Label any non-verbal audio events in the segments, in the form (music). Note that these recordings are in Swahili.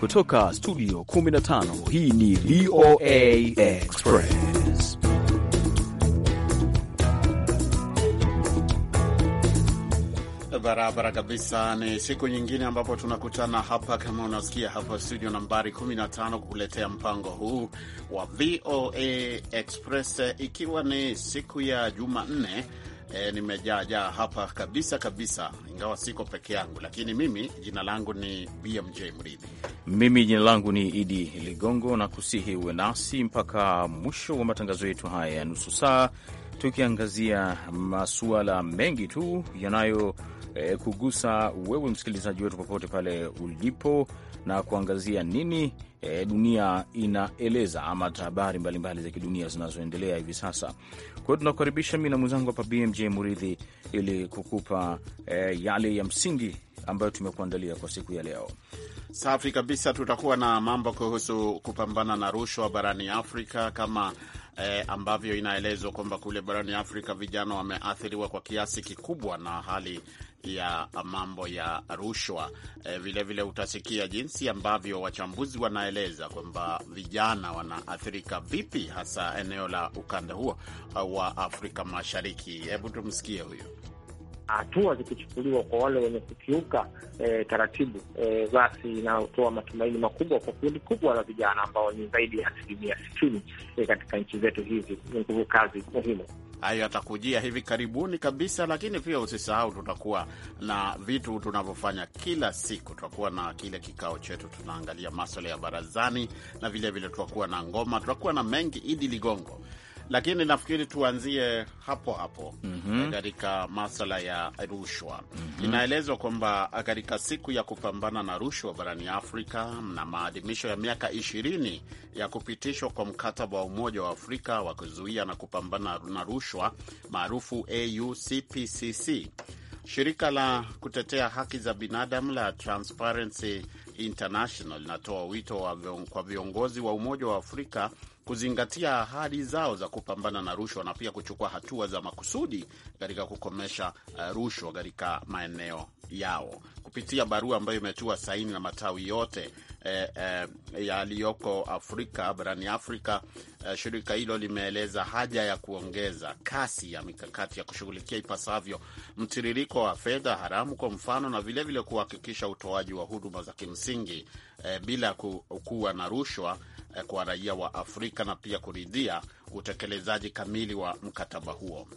kutoka studio 15 hii ni VOA Express. Barabara kabisa, ni siku nyingine ambapo tunakutana hapa, kama unasikia hapa studio nambari 15 kukuletea mpango huu wa VOA Express, ikiwa ni siku ya Jumanne e, eh, nimejaajaa hapa kabisa kabisa, ingawa siko peke yangu, lakini mimi jina langu ni BMJ Mridhi. Mimi jina langu ni Idi Ligongo, na kusihi uwe nasi mpaka mwisho wa matangazo yetu haya ya nusu saa, tukiangazia masuala mengi tu yanayo e, kugusa wewe msikilizaji wetu popote pale ulipo na kuangazia nini e, dunia inaeleza ama habari mbalimbali za kidunia zinazoendelea hivi sasa. Kwa hiyo tunakukaribisha mi na mwenzangu hapa BMJ Muridhi ili kukupa e, yale ya msingi ambayo tumekuandalia kwa siku ya leo. Safi kabisa, tutakuwa na mambo kuhusu kupambana na rushwa barani Afrika kama E, ambavyo inaelezwa kwamba kule barani Afrika vijana wameathiriwa kwa kiasi kikubwa na hali ya mambo ya rushwa. Vilevile eh, vile utasikia jinsi ambavyo wachambuzi wanaeleza kwamba vijana wanaathirika vipi, hasa eneo la ukanda huo eh, wa Afrika Mashariki. Hebu tumsikie huyo. Hatua zikichukuliwa kwa wale wenye kukiuka e, taratibu e, basi inayotoa matumaini makubwa kwa kundi kubwa la vijana ambao ni zaidi ya asilimia sitini e, katika nchi zetu hizi ni nguvu kazi muhimu hayo yatakujia hivi karibuni kabisa, lakini pia usisahau, tutakuwa na vitu tunavyofanya kila siku. Tutakuwa na kile kikao chetu, tunaangalia maswala ya barazani, na vilevile tutakuwa na ngoma, tutakuwa na mengi. Idi Ligongo lakini nafikiri tuanzie hapo hapo mhm. katika mm -hmm. masala ya rushwa mm -hmm. Inaelezwa kwamba ah, katika siku ya kupambana na rushwa barani Afrika na maadhimisho ya miaka ishirini ya kupitishwa kwa mkataba wa Umoja wa Afrika wa kuzuia na kupambana na rushwa maarufu AUCPCC, shirika la kutetea haki za binadamu la Transparency International linatoa wito kwa viongozi wa Umoja wa Afrika kuzingatia ahadi zao za kupambana na rushwa na pia kuchukua hatua za makusudi katika kukomesha eh, rushwa katika maeneo yao kupitia barua ambayo imetua saini na matawi yote eh, eh, yaliyoko Afrika barani Afrika. Eh, shirika hilo limeeleza haja ya kuongeza kasi ya mikakati ya kushughulikia ipasavyo mtiririko wa fedha haramu, kwa mfano, na vilevile kuhakikisha utoaji wa huduma za kimsingi eh, bila ku, kuwa na rushwa eh, kwa raia wa Afrika na pia kuridhia utekelezaji kamili wa mkataba huo.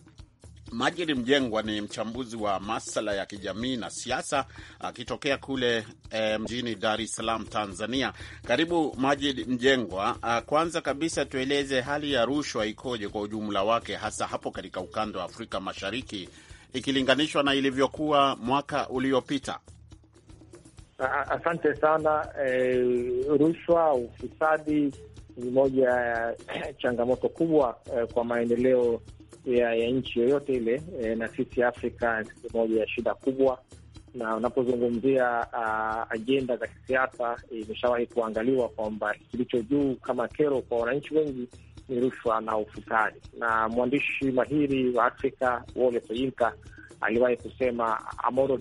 Majid Mjengwa ni mchambuzi wa masala ya kijamii na siasa akitokea kule e, mjini Dar es Salaam, Tanzania. Karibu Majid Mjengwa. A, ah, kwanza kabisa tueleze hali ya rushwa ikoje kwa ujumla wake, hasa hapo katika ukanda wa Afrika Mashariki ikilinganishwa na ilivyokuwa mwaka uliopita? Ah, ah, asante sana. E, rushwa, ufisadi ni moja ya (clears throat) changamoto kubwa e, kwa maendeleo ya, ya nchi yoyote ile e, na sisi Afrika ni moja ya shida kubwa, na unapozungumzia ajenda za kisiasa e, imeshawahi e, kuangaliwa kwamba kilicho juu kama kero kwa wananchi wengi ni rushwa na ufisadi, na mwandishi mahiri wa Afrika Wole Soyinka aliwahi kusema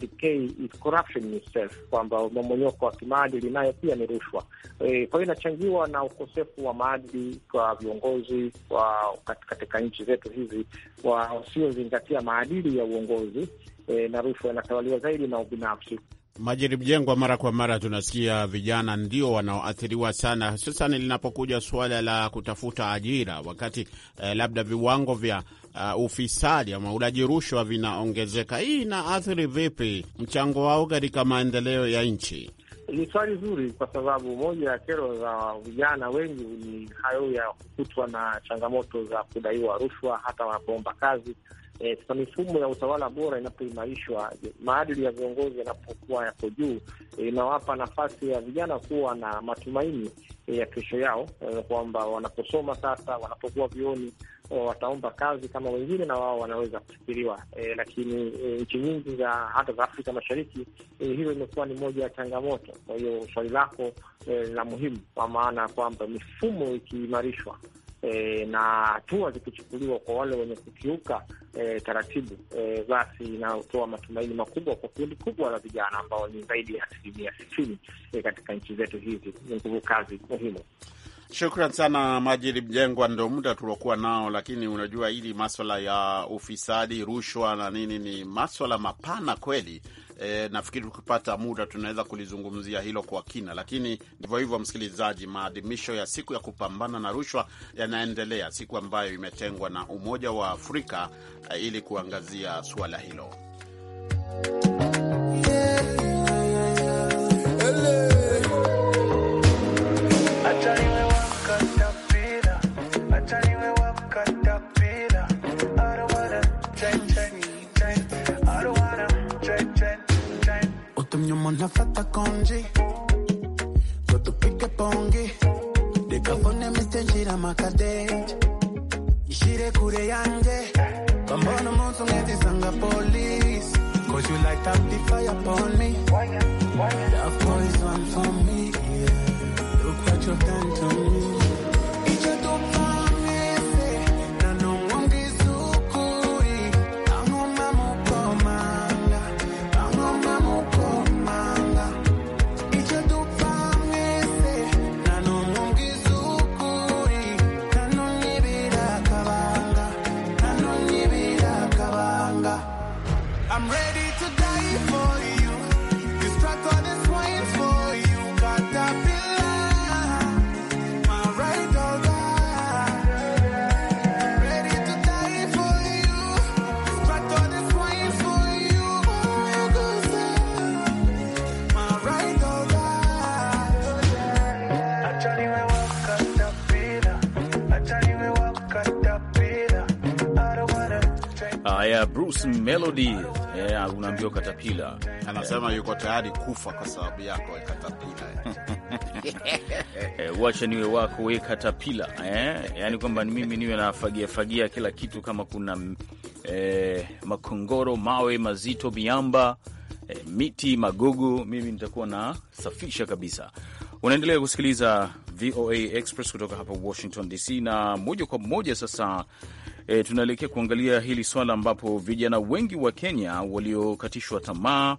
is corruption itself, kwamba mmomonyoko wa kimaadili nayo pia ni rushwa. E, kwa hiyo inachangiwa na ukosefu wa maadili kwa viongozi wa katika nchi zetu hizi wasiozingatia maadili ya uongozi e, na rushwa inatawaliwa zaidi na ubinafsi. Majiri mara kwa mara tunasikia vijana ndio wanaoathiriwa sana, hususan linapokuja suala la kutafuta ajira, wakati eh, labda viwango vya uh, ufisadi ama ulaji rushwa vinaongezeka. Hii inaathiri vipi mchango wao katika maendeleo ya nchi? Ni swali zuri, kwa sababu moja ya kero za vijana wengi ni hayo ya kukutwa na changamoto za kudaiwa rushwa hata wanapoomba kazi. Sasa e, mifumo ya utawala bora inapoimarishwa, maadili ya viongozi yanapokuwa yako juu, e, inawapa e, nafasi ya vijana kuwa na matumaini e, ya kesho yao e, kwamba wanaposoma sasa, wanapokuwa vioni, wataomba kazi kama wengine na wao wanaweza kufikiriwa e, lakini e, nchi nyingi za hata za Afrika Mashariki e, hiyo imekuwa ni moja ya changamoto. Kwa hiyo swali lako e, la muhimu kwa maana ya kwamba mifumo ikiimarishwa E, na hatua zikichukuliwa kwa wale wenye kukiuka e, taratibu e, basi inatoa matumaini makubwa kwa kundi kubwa la vijana ambao ni zaidi ya asilimia sitini e, katika nchi zetu hizi. Ni nguvu kazi muhimu. Shukran sana Majidi Mjengwa, ndo muda tuliokuwa nao, lakini unajua hili maswala ya ufisadi, rushwa na nini ni maswala mapana kweli. E, nafikiri tukipata muda tunaweza kulizungumzia hilo kwa kina, lakini ndivyo hivyo, msikilizaji. Maadhimisho ya siku ya kupambana na rushwa yanaendelea, siku ambayo imetengwa na Umoja wa Afrika e, ili kuangazia suala hilo yeah. tunafata konji so tupike pongi dekafone mistejira makadeji ishire kure yange pambono munsi ngezisanga polisi cause you light up the fire upon me that poison for me yeah. look what you've done to me Bruce Melody yeah, unaambiwa katapila anasema yeah, yuko tayari kufa kwa sababu yako katapila. Eh. (laughs) eh, wacha niwe wako we katapila eh, yani kwamba ni mimi niwe nafagia fagia kila kitu kama kuna eh, makongoro, mawe mazito, miamba eh, miti, magugu mimi nitakuwa na safisha kabisa. Unaendelea kusikiliza VOA Express kutoka hapa Washington DC, na moja kwa moja sasa e, tunaelekea kuangalia hili swala ambapo vijana wengi wa Kenya waliokatishwa tamaa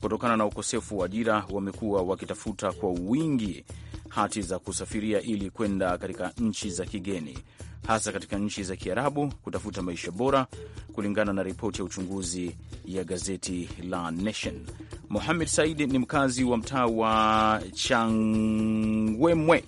kutokana na ukosefu wa ajira wamekuwa wakitafuta kwa wingi hati za kusafiria ili kwenda katika nchi za kigeni hasa katika nchi za Kiarabu kutafuta maisha bora, kulingana na ripoti ya uchunguzi ya gazeti la Nation. muhamed Said ni mkazi wa mtaa wa Changwemwe.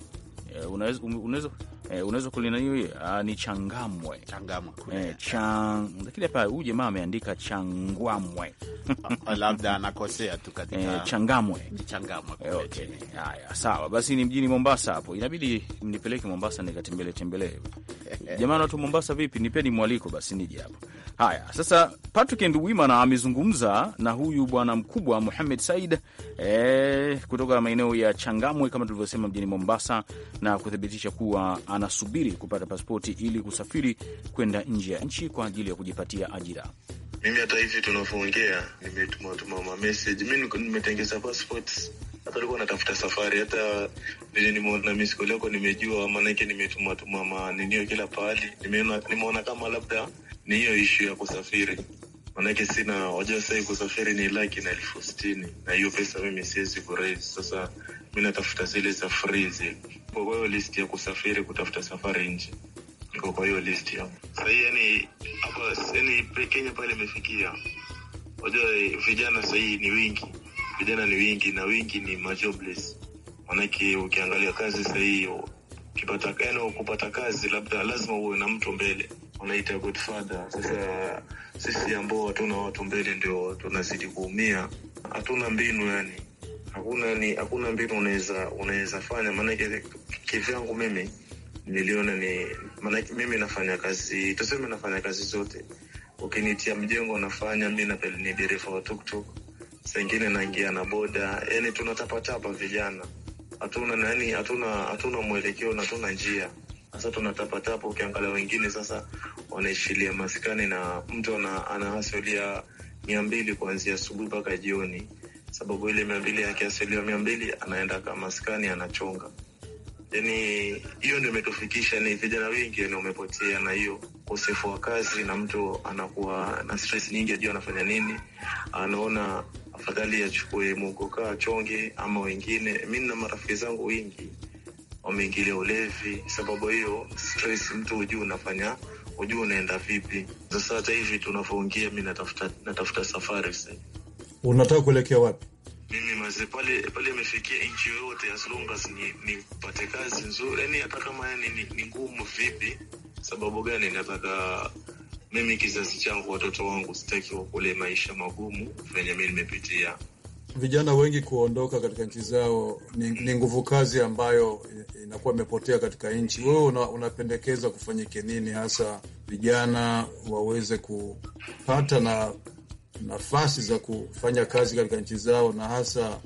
E, unaweza eh, unaweza kulina hiyo uh, ah, ni changamwe changamwe kule eh, chang... lakini hapa huyu jamaa ameandika changwamwe (laughs) labda anakosea tu katika eh, changamwe changamwe. kule eh, okay. Haya, Sawa basi, ni mjini Mombasa hapo, inabidi mnipeleke Mombasa nikatembele tembele (laughs) Jamani watu Mombasa, vipi? Nipeni mwaliko basi nije hapo. Haya, sasa Patrick Nduwimana amezungumza na huyu bwana mkubwa Muhamed Said eh, kutoka maeneo ya Changamwe kama tulivyosema mjini Mombasa na kuthibitisha kuwa anasubiri kupata paspoti ili kusafiri kwenda nje ya nchi kwa ajili ya kujipatia ajira. Mimi hata hivi tunavyoongea, nimetumatuma mameseji, mi nimetengeza pasipoti hata likuwa natafuta safari, hata vile nimeona misikoli yako nimejua, maanake nimetumatuma maninio kila pahali. Nimeona kama labda ni hiyo ishu ya kusafiri, maanake sina wajua, sahi kusafiri ni laki na elfu sitini na hiyo pesa mimi siwezi kurahisi. Sasa mi natafuta zile za free zile Niko kwa hiyo listi ya kusafiri kutafuta safari nje, niko kwa hiyo listi hapo. sahii. yani hapa yani Kenya pale imefikia, wajua eh, vijana sahii ni wingi, vijana ni wingi na wingi ni majobless, manake ukiangalia kazi sahii ukipata yani kupata kazi labda lazima uwe na mtu mbele unaita godfather. Sasa sisi ambao hatuna watu mbele ndio tunazidi kuumia, hatuna mbinu yani hakuna ni hakuna mbinu unaweza unaweza fanya, maanake kivyangu mimi niliona ni maanake mimi nafanya kazi, tuseme nafanya kazi zote. Ukinitia mjengo nafanya mi, ni dereva wa tuktuk, sengine naingia na boda, yani tunatapatapa vijana, hatuna nani, hatuna hatuna mwelekeo na hatuna njia sasa tunatapatapa. Ukiangalia wengine sasa wanaishilia maskani, na mtu ana anahasilia mia mbili kuanzia asubuhi mpaka jioni sababu ile mia mbili yake asilio mia mbili anaenda kama maskani anachonga. Yani hiyo ndio imetufikisha ni vijana wengi ni yaani umepotea na hiyo ukosefu wa kazi, na mtu anakuwa na stress nyingi, ajua anafanya nini, anaona afadhali achukue muogoka achonge ama wengine. Mi na marafiki zangu wengi wameingilia ulevi sababu hiyo stress, mtu hujui unafanya hujui unaenda vipi. Sasa hata hivi tunavyoongea, mi natafuta, natafuta safari sasa Unataka kuelekea wapi? Mimi maze pale pale imefikia nchi yoyote ya Slongas ni nipate kazi nzuri, yani hata kama yani ni, ni ngumu vipi. Sababu gani? Nataka mimi kizazi changu, watoto wangu, sitaki wakule maisha magumu venye mimi nimepitia. Vijana wengi kuondoka katika nchi zao ni, ni nguvu kazi ambayo inakuwa imepotea katika nchi. Wewe una, unapendekeza kufanyike nini hasa vijana waweze kupata na nafasi za kufanya kazi katika nchi zao, na hasa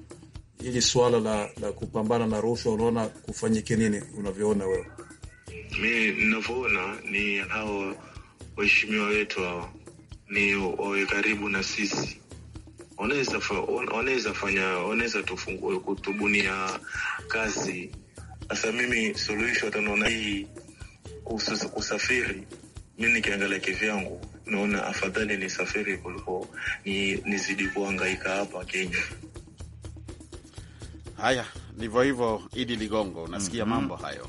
hili swala la, la kupambana na rushwa, unaona kufanyike nini? Unavyoona wewe? Mi ninavyoona ni hao waheshimiwa wetu hao ni wawe karibu na sisi, wanaweza fanya, wanaweza kutubunia kazi. Sasa mimi suluhisho tanaona hii kuhusu kusafiri mi nikiangalia kivyangu naona afadhali ni safiri kuliko nizidi ni kuangaika hapa Kenya. Haya, ndivyo hivyo, Idi Ligongo, unasikia mm -hmm. mambo hayo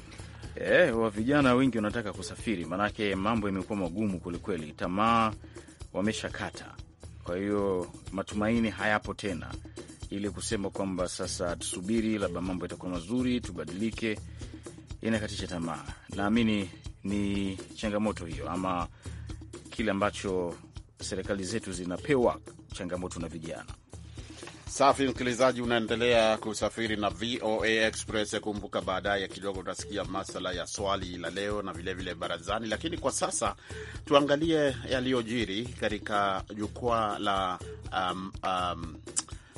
eh, wa vijana wengi wanataka kusafiri, maanake mambo yamekuwa magumu kwelikweli, tamaa wameshakata, kwa hiyo matumaini hayapo tena, ili kusema kwamba sasa tusubiri labda mambo yatakuwa mazuri, tubadilike, inakatisha tamaa. Naamini ni changamoto hiyo, ama kile ambacho serikali zetu zinapewa changamoto na vijana. Safi msikilizaji, unaendelea kusafiri na VOA Express. Kumbuka baadaye kidogo utasikia masala ya swali la leo na vilevile vile barazani, lakini kwa sasa tuangalie yaliyojiri katika jukwaa la um, um,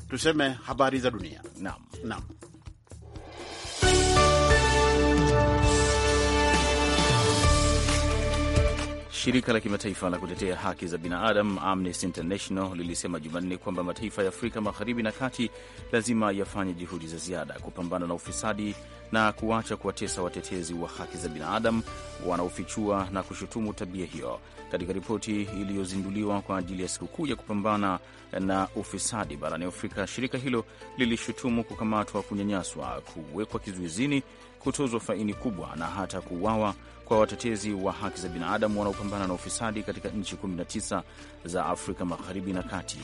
tuseme habari za dunia. Naam, naam. Shirika la kimataifa la kutetea haki za binadamu Amnesty International lilisema Jumanne kwamba mataifa ya Afrika magharibi na kati lazima yafanye juhudi za ziada kupambana na ufisadi na kuacha kuwatesa watetezi wa haki za binadamu wanaofichua na kushutumu tabia hiyo. Katika ripoti iliyozinduliwa kwa ajili ya sikukuu ya kupambana na ufisadi barani Afrika, shirika hilo lilishutumu kukamatwa, kunyanyaswa, kuwekwa kizuizini, kutozwa faini kubwa na hata kuuawa kwa watetezi wa haki za binadamu wanaopambana na ufisadi katika nchi 19 za Afrika Magharibi na Kati.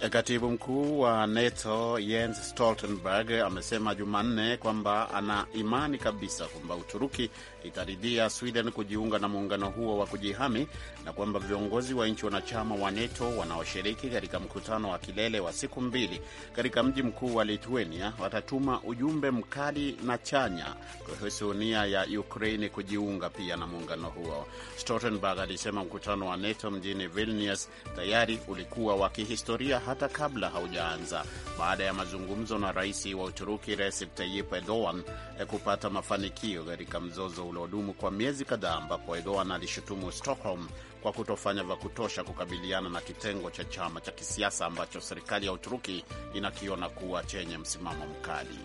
E, katibu mkuu wa NATO Jens Stoltenberg amesema Jumanne kwamba ana imani kabisa kwamba Uturuki itaridhia Sweden kujiunga na muungano huo wa kujihami na kwamba viongozi wa nchi wanachama wa NATO wanaoshiriki katika mkutano wa kilele wa siku mbili katika mji mkuu wa Lithuania watatuma ujumbe mkali na chanya kuhusu nia ya Ukraini kujiunga pia na muungano huo. Stoltenberg alisema mkutano wa NATO mjini Vilnius tayari ulikuwa wa kihistoria hata kabla haujaanza, baada ya mazungumzo na rais wa Uturuki Recep Tayyip Erdogan kupata mafanikio katika mzozo uliodumu kwa miezi kadhaa, ambapo Erdogan alishutumu Stockholm kwa kutofanya vya kutosha kukabiliana na kitengo cha chama cha kisiasa ambacho serikali ya Uturuki inakiona kuwa chenye msimamo mkali.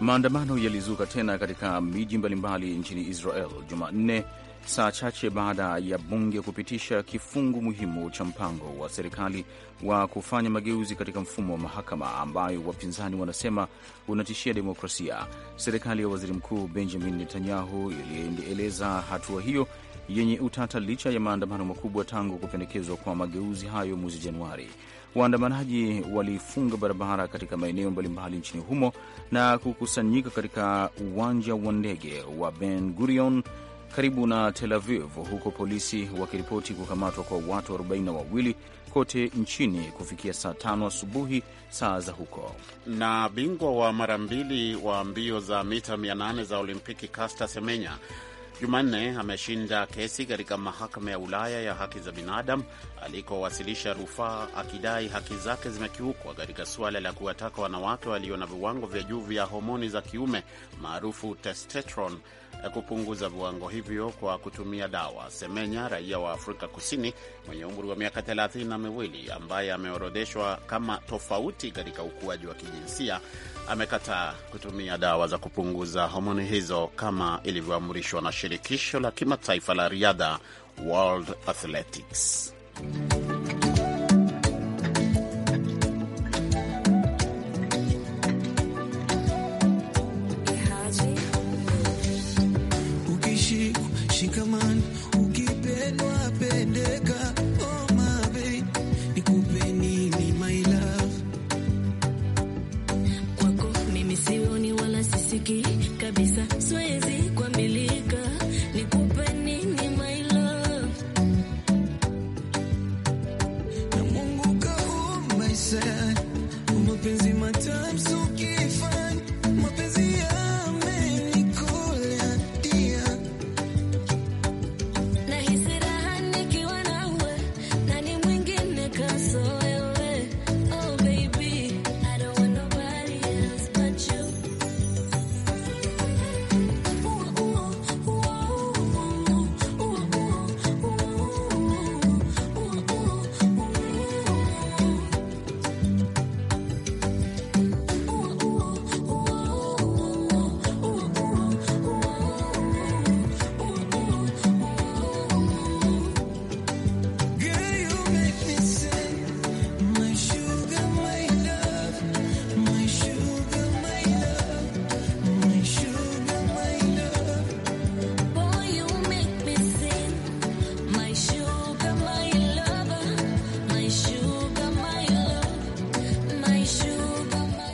Maandamano yalizuka tena katika miji mbalimbali nchini Israel Jumanne saa chache baada ya bunge kupitisha kifungu muhimu cha mpango wa serikali wa kufanya mageuzi katika mfumo wa mahakama ambayo wapinzani wanasema unatishia demokrasia. Serikali ya waziri mkuu Benjamin Netanyahu ilieleza hatua hiyo yenye utata licha ya maandamano makubwa tangu kupendekezwa kwa mageuzi hayo mwezi Januari. Waandamanaji walifunga barabara katika maeneo mbalimbali nchini humo na kukusanyika katika uwanja wa ndege wa Ben Gurion karibu na Tel Aviv, huko polisi wakiripoti kukamatwa kwa watu wawili kote nchini kufikia saa tano asubuhi saa za huko. Na bingwa wa mara mbili wa mbio za mita 800 za Olimpiki Caster Semenya Jumanne ameshinda kesi katika mahakama ya Ulaya ya haki za binadamu alikowasilisha rufaa akidai haki zake zimekiukwa katika suala la kuwataka wanawake walio na viwango vya juu vya homoni za kiume maarufu testosterone kupunguza viwango hivyo kwa kutumia dawa. Semenya, raia wa Afrika Kusini mwenye umri wa miaka thelathini na miwili, ambaye ameorodheshwa kama tofauti katika ukuaji wa kijinsia amekataa kutumia dawa za kupunguza homoni hizo kama ilivyoamrishwa na shirikisho la kimataifa la riadha World Athletics.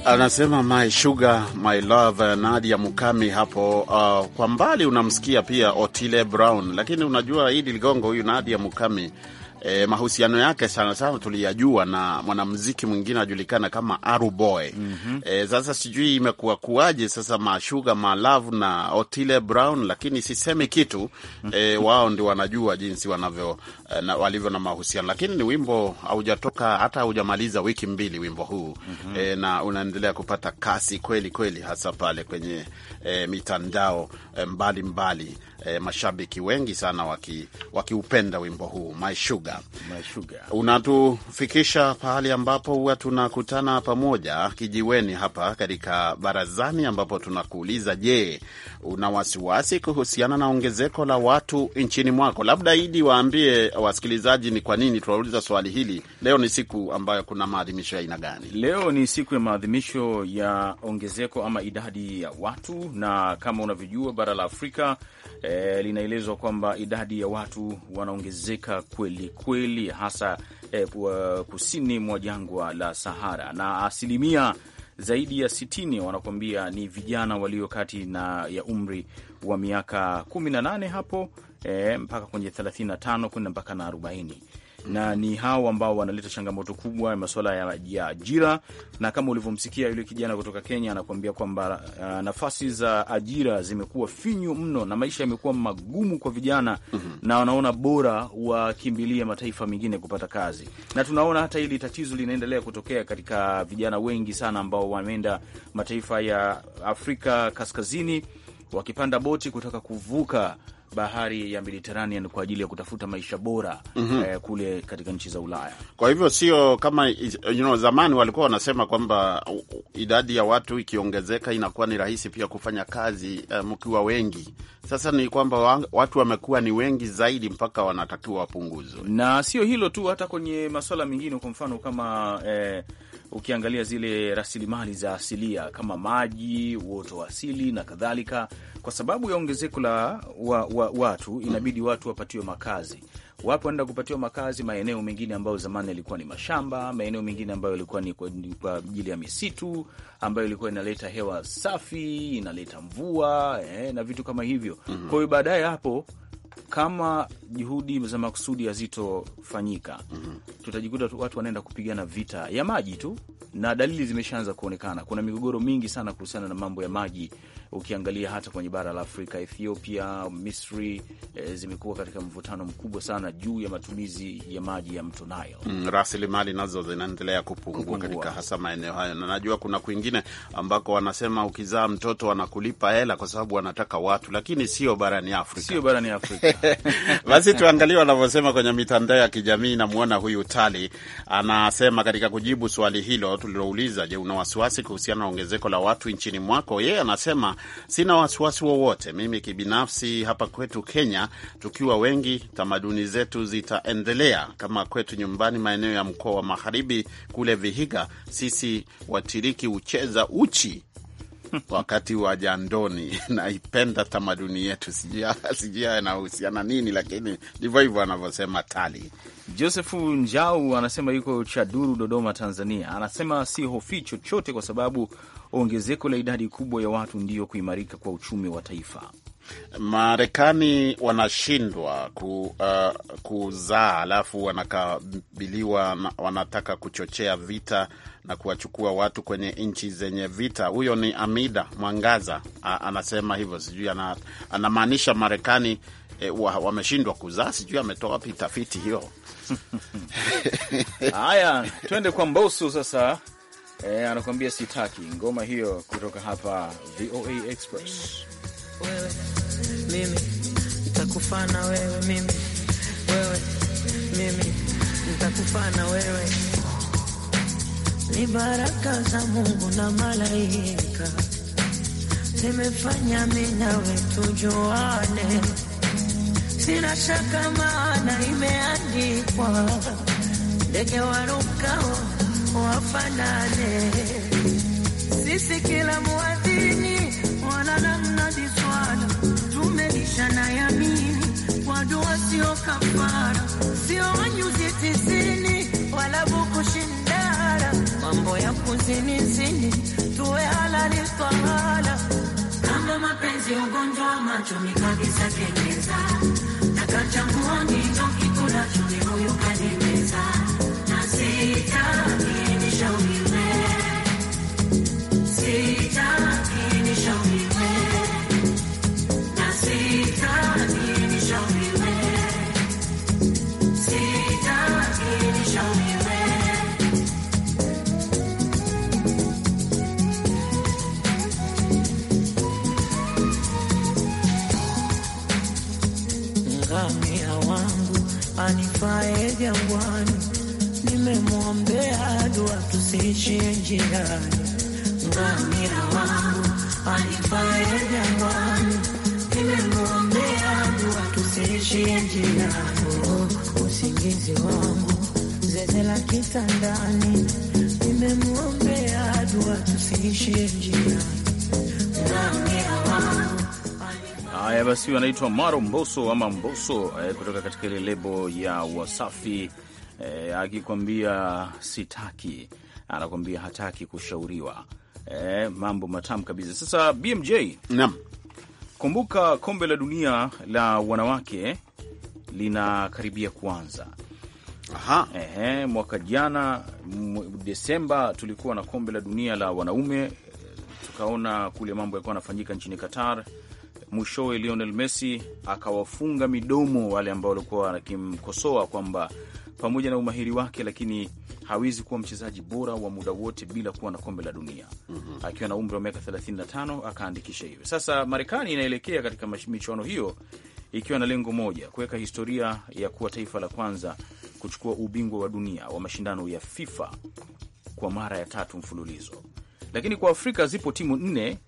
anasema my sugar my love. Eh, Nadia Mukami hapo, uh, kwa mbali unamsikia pia Otile Brown, lakini unajua Idi Ligongo, huyu Nadia Mukami E, mahusiano yake sana sana tuliyajua na mwanamuziki mwingine anajulikana kama Aru Boy. mm -hmm. E, sasa sijui imekuwa kuaje sasa Mashuga Malavu na Otile Brown, lakini sisemi kitu e, (laughs) wao ndio wanajua jinsi wanavyo e, na, walivyo na mahusiano, lakini ni wimbo haujatoka hata haujamaliza wiki mbili wimbo huu mm -hmm. E, na unaendelea kupata kasi kweli kweli, hasa pale kwenye e, mitandao mbalimbali e, mbali eh, mashabiki wengi sana waki, wakiupenda wimbo huu My Sugar. My Sugar unatufikisha pahali ambapo huwa tunakutana pamoja kijiweni hapa katika barazani, ambapo tunakuuliza, je, una wasiwasi kuhusiana na ongezeko la watu nchini mwako? Labda Idi, waambie wasikilizaji ni kwa nini tunauliza swali hili leo. Ni siku ambayo kuna maadhimisho ya aina gani? Leo ni siku ya maadhimisho ya ongezeko ama idadi ya watu, na kama unavyojua bara la Afrika eh, Eh, linaelezwa kwamba idadi ya watu wanaongezeka kweli kweli, hasa e, kusini mwa jangwa la Sahara na asilimia zaidi ya 60 wanakuambia ni vijana walio kati na ya umri wa miaka 18 hapo e, mpaka kwenye 35 kwenda mpaka na 40 na ni hao ambao wanaleta changamoto kubwa ya masuala ya, ya ajira. Na kama ulivyomsikia yule kijana kutoka Kenya anakuambia kwamba uh, nafasi za ajira zimekuwa finyu mno na maisha yamekuwa magumu kwa vijana mm -hmm. na wanaona bora wakimbilie mataifa mengine kupata kazi, na tunaona hata hili tatizo linaendelea kutokea katika vijana wengi sana ambao wameenda mataifa ya Afrika kaskazini wakipanda boti kutaka kuvuka bahari ya Mediterranean kwa ajili ya kutafuta maisha bora mm -hmm. eh, kule katika nchi za Ulaya. Kwa hivyo sio kama you know, zamani walikuwa wanasema kwamba idadi ya watu ikiongezeka inakuwa ni rahisi pia kufanya kazi eh, mkiwa wengi sasa ni kwamba watu wamekuwa ni wengi zaidi mpaka wanatakiwa wapunguzwe, na sio hilo tu, hata kwenye masuala mengine, kwa mfano kama eh, ukiangalia zile rasilimali za asilia kama maji, uoto wa asili na kadhalika, kwa sababu ya ongezeko la wa, wa, watu inabidi watu wapatiwe makazi wapo wanaenda kupatiwa makazi maeneo mengine ambayo zamani yalikuwa ni mashamba, maeneo mengine ambayo yalikuwa ni kwa ajili ya misitu ambayo ilikuwa inaleta hewa safi, inaleta mvua eh, na vitu kama hivyo mm -hmm. Kwa hiyo baadaye hapo kama juhudi za makusudi hazitofanyika mm -hmm. tutajikuta watu wanaenda kupigana vita ya maji tu, na dalili zimeshaanza kuonekana. Kuna migogoro mingi sana kuhusiana na mambo ya maji ukiangalia hata kwenye bara la Afrika, Ethiopia, Misri e, zimekuwa katika mvutano mkubwa sana juu ya matumizi ya maji ya mto Nile. Mm, rasilimali nazo zinaendelea kupungua, katika hasa maeneo hayo, na najua kuna kwingine ambako wanasema ukizaa mtoto wanakulipa hela kwa sababu wanataka watu, lakini sio barani Afrika, sio barani Afrika. (laughs) Basi tuangalie wanavyosema kwenye mitandao ya kijamii. Namwona huyu Tali anasema katika kujibu swali hilo tulilouliza, je, una wasiwasi kuhusiana na ongezeko la watu nchini mwako? Yeye anasema sina wasiwasi wowote. Mimi kibinafsi, hapa kwetu Kenya, tukiwa wengi, tamaduni zetu zitaendelea kama kwetu nyumbani, maeneo ya mkoa wa magharibi kule Vihiga, sisi Watiriki hucheza uchi (laughs) wakati wa jandoni. (laughs) Naipenda tamaduni yetu, sijui haya yanahusiana nini, lakini ndivyo hivyo anavyosema Tali Josefu Njau. Anasema yuko Chaduru, Dodoma, Tanzania. Anasema si hofii chochote kwa sababu ongezeko la idadi kubwa ya watu ndiyo kuimarika kwa uchumi wa taifa. Marekani wanashindwa ku, uh, kuzaa alafu wanakabiliwa, wanataka kuchochea vita na kuwachukua watu kwenye nchi zenye vita. Huyo ni Amida Mwangaza a, anasema hivyo, sijui ana, anamaanisha Marekani e, wameshindwa kuzaa, sijui ametoa wapi tafiti hiyo. (laughs) Haya, twende kwa Mbosu sasa. E, anakuambia sitaki ngoma hiyo kutoka hapa VOA Express. Wewe mimi nitakufana, wewe mimi, wewe mimi nitakufana, wewe ni baraka za Mungu na malaika, zimefanya mimi nawe tujuane. Sina shaka, maana imeandikwa, ndege waruka wafanane. Sisi kila muadhini wala namna tumelisha na yamini, kwa dua sio kafara, sio wanyuzi tisini wala bukushini mambo ya kuzinizini, tuwe halali fahala. Kama mapenzi ugonjwa, macho mikabisa kenyeza, takachangua ndicho kikulacho, ni huyu kanimeza na sitaki jangwani, nimemwombea dua tusiishie njiani. Ngamia wangu alifae jangwani, nimemwombea dua tusiishie njiani. Oh, usingizi wangu zeze kitandani, nimemwombea dua tusiishie njiani. basi anaitwa Maro Mboso ama Mboso eh, kutoka katika ile lebo ya Wasafi eh, akikwambia sitaki, anakwambia hataki kushauriwa eh, mambo matamu kabisa. Sasa BMJ, naam, kumbuka kombe la dunia la wanawake linakaribia kuanza. Aha. Ehe, mwaka jana Desemba tulikuwa na kombe la dunia la wanaume, tukaona kule mambo yalikuwa yanafanyika nchini Qatar mwishowe Lionel Messi akawafunga midomo wale ambao walikuwa wakimkosoa kwamba pamoja na umahiri wake lakini hawezi kuwa mchezaji bora wa muda wote bila kuwa na kombe la dunia. mm -hmm. Akiwa na umri wa miaka 35 akaandikisha hivyo. Sasa Marekani inaelekea katika michuano hiyo ikiwa na lengo moja, kuweka historia ya kuwa taifa la kwanza kuchukua ubingwa wa dunia wa mashindano ya FIFA kwa mara ya tatu mfululizo. Lakini kwa Afrika zipo timu nne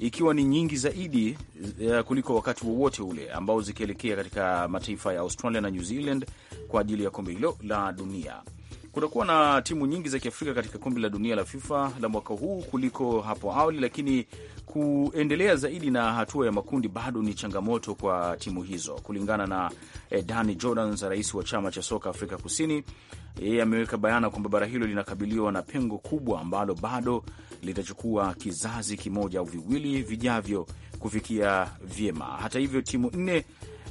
ikiwa ni nyingi zaidi eh, kuliko wakati wowote ule ambao zikielekea katika mataifa ya Australia na New Zealand kwa ajili ya kombe hilo la dunia. Kutakuwa na timu nyingi za Kiafrika katika kombe la dunia la FIFA la mwaka huu kuliko hapo awali, lakini kuendelea zaidi na hatua ya makundi bado ni changamoto kwa timu hizo. Kulingana na eh, Dani Jordans, rais wa chama cha soka Afrika Kusini, yeye eh, ameweka bayana kwamba bara hilo linakabiliwa na pengo kubwa ambalo bado litachukua kizazi kimoja au viwili vijavyo kufikia vyema. Hata hivyo, timu nne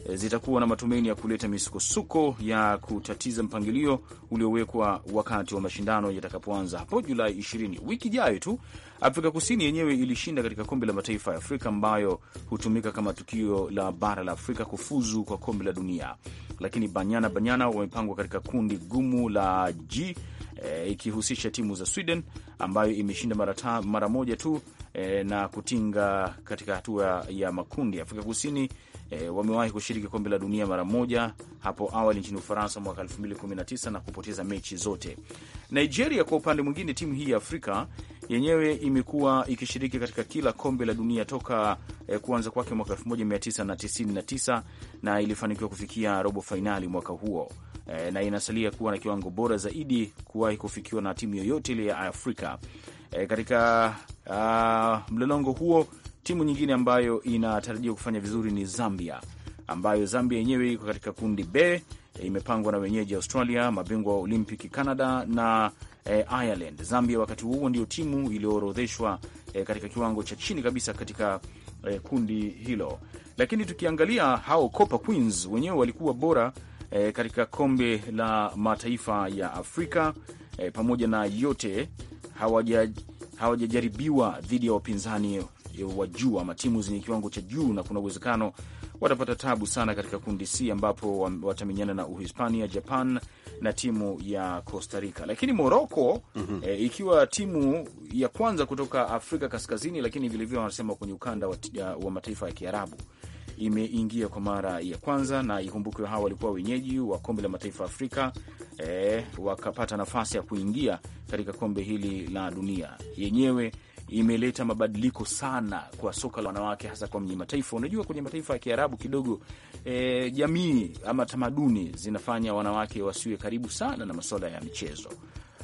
eh, zitakuwa na matumaini ya kuleta misukosuko ya kutatiza mpangilio uliowekwa wakati wa mashindano yatakapoanza hapo Julai 20 wiki ijayo tu. Afrika Kusini yenyewe ilishinda katika kombe la mataifa ya Afrika ambayo hutumika kama tukio la bara la Afrika kufuzu kwa kombe la dunia, lakini Banyana Banyana wamepangwa katika kundi gumu la G e, ikihusisha timu za Sweden ambayo imeshinda mara, mara moja tu e, na kutinga katika hatua ya makundi. Afrika Kusini e, wamewahi kushiriki kombe la dunia mara moja hapo awali nchini Ufaransa mwaka 2019 na kupoteza mechi zote. Nigeria kwa upande mwingine, timu hii ya Afrika yenyewe imekuwa ikishiriki katika kila kombe la dunia toka eh, kuanza kwake mwaka 1999 na, na ilifanikiwa kufikia robo fainali mwaka huo eh, na inasalia kuwa na kiwango bora zaidi kuwahi kufikiwa na timu yoyote ile ya Afrika eh, katika uh, mlolongo huo. Timu nyingine ambayo inatarajia kufanya vizuri ni Zambia, ambayo Zambia yenyewe iko katika kundi B, eh, imepangwa na wenyeji Australia, mabingwa wa Olympic Canada na eh, Ireland. Zambia wakati huo ndio timu iliyoorodheshwa eh, katika kiwango cha chini kabisa katika eh, kundi hilo, lakini tukiangalia hao Copa Queens wenyewe walikuwa bora eh, katika kombe la mataifa ya Afrika eh, pamoja na yote hawajajaribiwa hawaja dhidi ya wapinzani wa juu ama timu zenye kiwango cha juu, na kuna uwezekano watapata tabu sana katika kundi C ambapo watamenyana na Uhispania, Japan na timu ya Costa Rica. Lakini Moroko mm -hmm. e, eh, ikiwa timu ya kwanza kutoka Afrika Kaskazini, lakini vilevile wanasema kwenye ukanda wa, wa mataifa ya Kiarabu imeingia kwa mara ya kwanza, na ikumbukwe hawa walikuwa wenyeji wa kombe la mataifa Afrika e, wakapata nafasi ya kuingia katika kombe hili la dunia yenyewe imeleta mabadiliko sana kwa soka la wanawake, hasa kwa mataifa. Unajua, kwenye mataifa ya Kiarabu kidogo e, jamii ama tamaduni zinafanya wanawake wasiwe karibu sana na masuala ya michezo.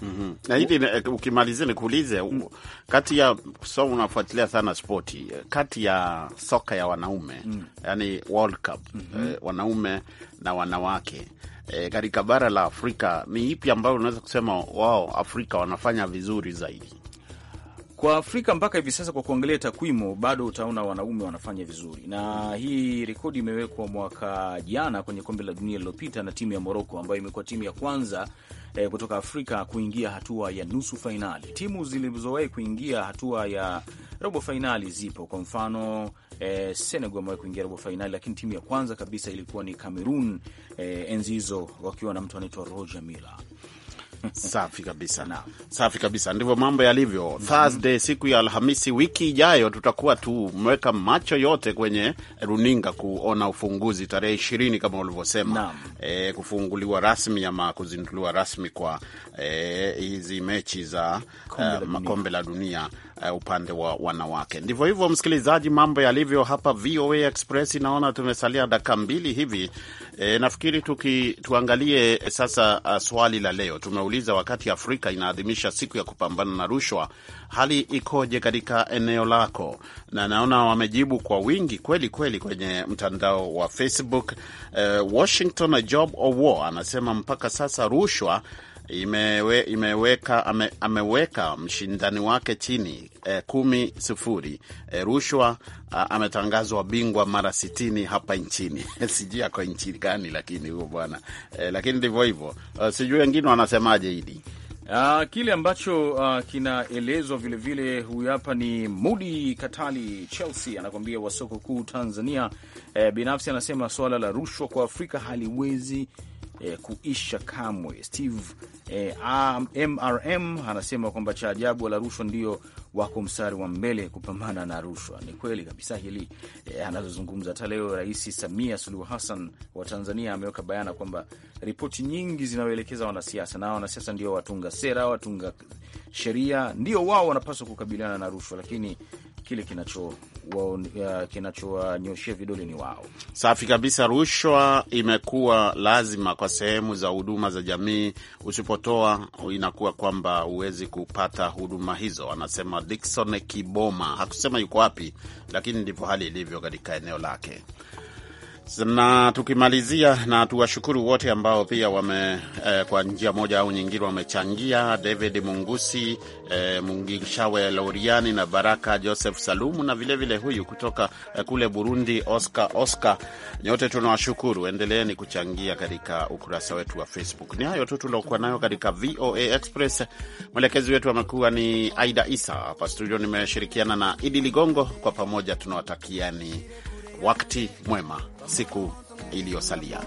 Mm -hmm. Na hivi eh, ukimalizia nikuulize, mm -hmm. Kati ya so unafuatilia sana spoti, eh, kati ya soka ya wanaume mm -hmm. yani World Cup mm -hmm. eh, wanaume na wanawake eh, katika bara la Afrika ni ipi ambayo unaweza kusema wao Afrika wanafanya vizuri zaidi? kwa Afrika mpaka hivi sasa, kwa kuangalia takwimu, bado utaona wanaume wanafanya vizuri, na hii rekodi imewekwa mwaka jana kwenye kombe la dunia lililopita na timu ya Moroko ambayo imekuwa timu ya kwanza eh, kutoka Afrika kuingia hatua ya nusu fainali. Timu zilizowahi kuingia hatua ya robo fainali zipo, kwa mfano eh, Senegal amewahi kuingia robo fainali, lakini timu ya kwanza kabisa ilikuwa ni Cameroon eh, enzi hizo wakiwa na mtu anaitwa Roger Miller. Safi kabisa na. Safi kabisa, ndivyo mambo yalivyo. mm -hmm. Thursday, siku ya Alhamisi wiki ijayo, tutakuwa tumeweka macho yote kwenye runinga kuona ufunguzi tarehe ishirini kama ulivyosema, e, kufunguliwa rasmi ama kuzinduliwa rasmi kwa e, hizi e, mechi za e, kombe la dunia uh, upande wa wanawake. Ndivyo hivyo, msikilizaji, mambo yalivyo hapa VOA Express. Naona tumesalia dakika mbili hivi e, nafikiri tuki, tuangalie sasa uh, swali la leo tumeuliza, wakati Afrika inaadhimisha siku ya kupambana na rushwa, hali ikoje katika eneo lako? Na naona wamejibu kwa wingi kweli kweli kwenye mtandao wa Facebook. Uh, Washington job or war anasema mpaka sasa rushwa imewe, imeweka, ame, ameweka mshindani wake chini eh, kumi sufuri eh, rushwa ah, ametangazwa bingwa mara sitini hapa nchini (laughs) sijui ako nchi gani lakini huo bwana eh, lakini ndivyo hivyo uh, sijui wengine wanasemaje hili Uh, ah, kile ambacho uh, kinaelezwa vilevile, huyu hapa ni Mudi Katali Chelsea anakuambia wa soko kuu Tanzania. Eh, binafsi anasema suala la rushwa kwa Afrika haliwezi eh, kuisha kamwe. Steve eh, MRM ah, anasema kwamba cha ajabu wala rushwa ndio wako mstari wa mbele kupambana na rushwa. Ni kweli kabisa hili eh, anazozungumza Hata leo Rais Samia Suluhu Hassan wa Tanzania ameweka bayana kwamba ripoti nyingi zinaoelekeza wanasiasa, na wanasiasa ndio watunga sera, watunga sheria, ndio wao wanapaswa kukabiliana na rushwa, lakini kile kinachowanyoshea kinacho vidole ni wao. Safi kabisa. Rushwa imekuwa lazima kwa sehemu za huduma za jamii, usipotoa inakuwa kwamba huwezi kupata huduma hizo, anasema dikson Kiboma. Hakusema yuko wapi, lakini ndivyo hali ilivyo katika eneo lake na tukimalizia na tuwashukuru wote ambao pia wame eh, kwa njia moja au nyingine wamechangia: David Mungusi, eh, Mungishawe Lauriani na Baraka Joseph Salumu, na vilevile vile huyu kutoka eh, kule Burundi, Oscar Oscar. Nyote tunawashukuru, endeleeni kuchangia katika ukurasa wetu wa Facebook. Ni hayo tu tuliokuwa nayo katika VOA Express. Mwelekezi wetu amekuwa ni Aida Isa, hapa studio nimeshirikiana na Idi Ligongo. Kwa pamoja tunawatakiani wakati mwema, siku iliyosalia.